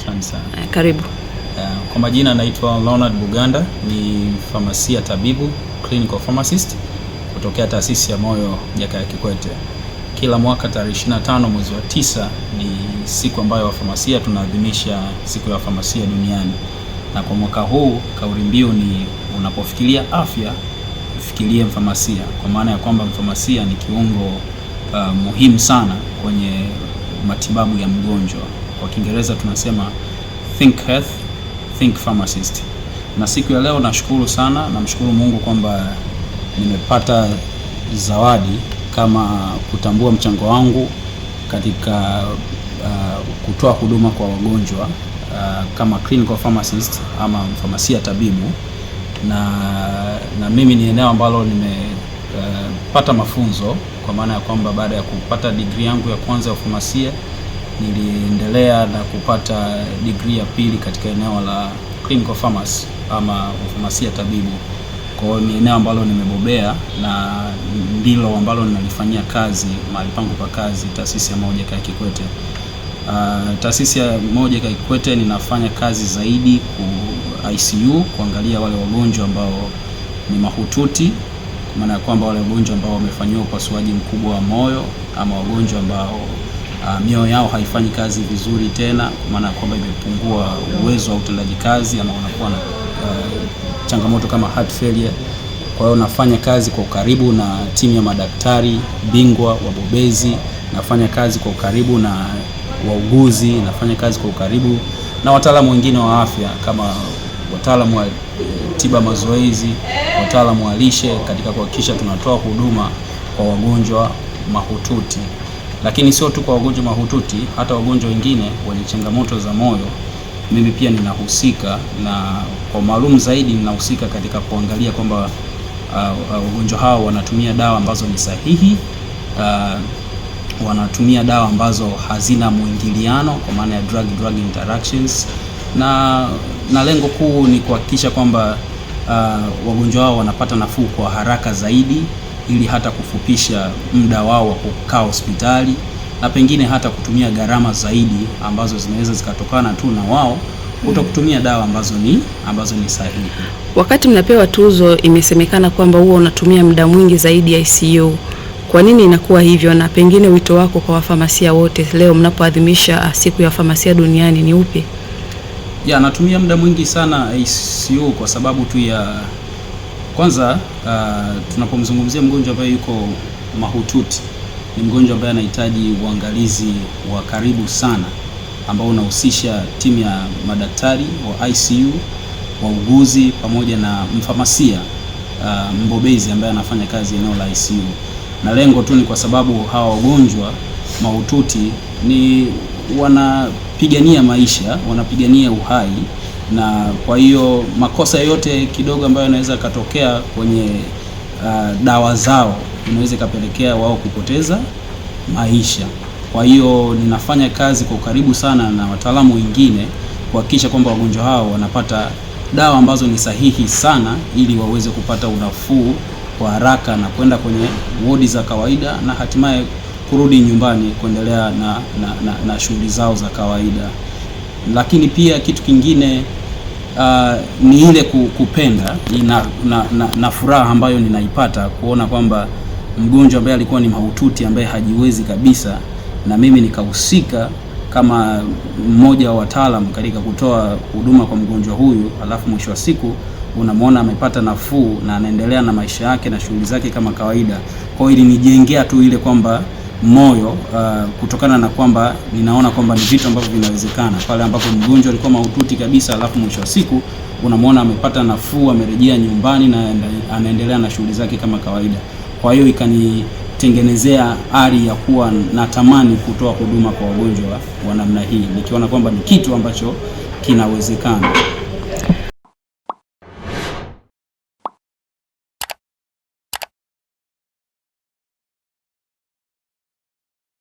Asante sana. Eh, karibu. Eh, kwa majina naitwa Leonard Buganda, ni famasia tabibu, clinical pharmacist kutokea taasisi ya moyo Jakaya Kikwete. Kila mwaka tarehe 25 mwezi wa tisa ni siku ambayo wafamasia tunaadhimisha siku ya wafamasia duniani, na kwa mwaka huu kauli mbiu ni unapofikiria afya fikirie mfamasia, kwa maana ya kwamba mfamasia ni kiungo uh, muhimu sana kwenye matibabu ya mgonjwa kwa Kiingereza tunasema think health, think pharmacist. Na siku ya leo nashukuru sana, namshukuru Mungu kwamba nimepata zawadi kama kutambua mchango wangu katika uh, kutoa huduma kwa wagonjwa uh, kama clinical pharmacist ama mfamasia tabibu, na na mimi ni eneo ambalo nimepata uh, mafunzo kwa maana ya kwamba baada ya kupata degree yangu ya kwanza ya ufamasia niliendelea na kupata degree ya pili katika eneo la clinical pharmacy ama ufamasia tabibu. Kwa hiyo ni eneo ambalo nimebobea na ndilo ambalo ninalifanyia kazi mahali pangu pa kazi, taasisi ya moja Jakaya Kikwete. Uh, taasisi ya moja Jakaya Kikwete ninafanya kazi zaidi ku ICU kuangalia wale wagonjwa ambao ni mahututi, maana ya kwamba wale wagonjwa ambao wamefanyiwa upasuaji mkubwa wa moyo ama wagonjwa ambao uh, mioyo yao haifanyi kazi vizuri tena, maana kwamba imepungua uwezo wa utendaji kazi ama wanakuwa na uh, changamoto kama heart failure. Kwa hiyo nafanya kazi kwa ukaribu na timu ya madaktari bingwa wabobezi, nafanya kazi kwa ukaribu na wauguzi, nafanya kazi kwa ukaribu na wataalamu wengine wa afya kama wataalamu wa eh, tiba mazoezi, wataalamu wa lishe katika kuhakikisha tunatoa huduma kwa wagonjwa mahututi. Lakini sio tu kwa wagonjwa mahututi, hata wagonjwa wengine wenye changamoto za moyo, mimi pia ninahusika na kwa maalum zaidi ninahusika katika kuangalia kwamba wagonjwa uh, uh, hao wanatumia dawa ambazo ni sahihi uh, wanatumia dawa ambazo hazina mwingiliano kwa maana ya drug drug interactions, na na lengo kuu ni kuhakikisha kwamba uh, wagonjwa wao wanapata nafuu kwa haraka zaidi ili hata kufupisha muda wao wa kukaa hospitali na pengine hata kutumia gharama zaidi ambazo zinaweza zikatokana tu na wao kuto hmm. kutumia dawa ambazo ni, ambazo ni sahihi. Wakati mnapewa tuzo, imesemekana kwamba huwa unatumia muda mwingi zaidi ya ICU. Kwa nini inakuwa hivyo, na pengine wito wako kwa wafamasia wote leo mnapoadhimisha ah, siku ya famasia duniani ni upi? Ya, natumia muda mwingi sana ICU kwa sababu tu ya kwanza uh, tunapomzungumzia mgonjwa ambaye yuko mahututi ni mgonjwa ambaye anahitaji uangalizi wa karibu sana ambao unahusisha timu ya madaktari wa ICU, wauguzi pamoja na mfamasia uh, mbobezi ambaye anafanya kazi eneo la ICU. Na lengo tu ni kwa sababu hawa wagonjwa mahututi ni wanapigania maisha, wanapigania uhai na kwa hiyo makosa yote kidogo ambayo yanaweza katokea kwenye uh, dawa zao inaweza ikapelekea wao kupoteza maisha. Kwa hiyo ninafanya kazi kwa ukaribu sana na wataalamu wengine kuhakikisha kwamba wagonjwa hao wanapata dawa ambazo ni sahihi sana, ili waweze kupata unafuu kwa haraka na kwenda kwenye wodi za kawaida na hatimaye kurudi nyumbani kuendelea na, na, na, na shughuli zao za kawaida lakini pia kitu kingine uh, ni ile kupenda na, na, na, na furaha ambayo ninaipata kuona kwamba mgonjwa ambaye alikuwa ni mahututi ambaye hajiwezi kabisa, na mimi nikahusika kama mmoja wa wataalam katika kutoa huduma kwa mgonjwa huyu, alafu mwisho wa siku unamwona amepata nafuu na anaendelea na maisha yake na shughuli zake kama kawaida. Kwa hiyo ilinijengea tu ile kwamba moyo uh, kutokana na kwamba ninaona kwamba ni vitu ambavyo vinawezekana pale ambapo mgonjwa alikuwa mahututi kabisa, alafu mwisho wa siku unamwona amepata nafuu, amerejea nyumbani na anaendelea na shughuli zake kama kawaida. Kwa hiyo ikanitengenezea ari ya kuwa natamani kutoa huduma kwa wagonjwa wa namna hii, nikiona kwamba ni kitu ambacho kinawezekana.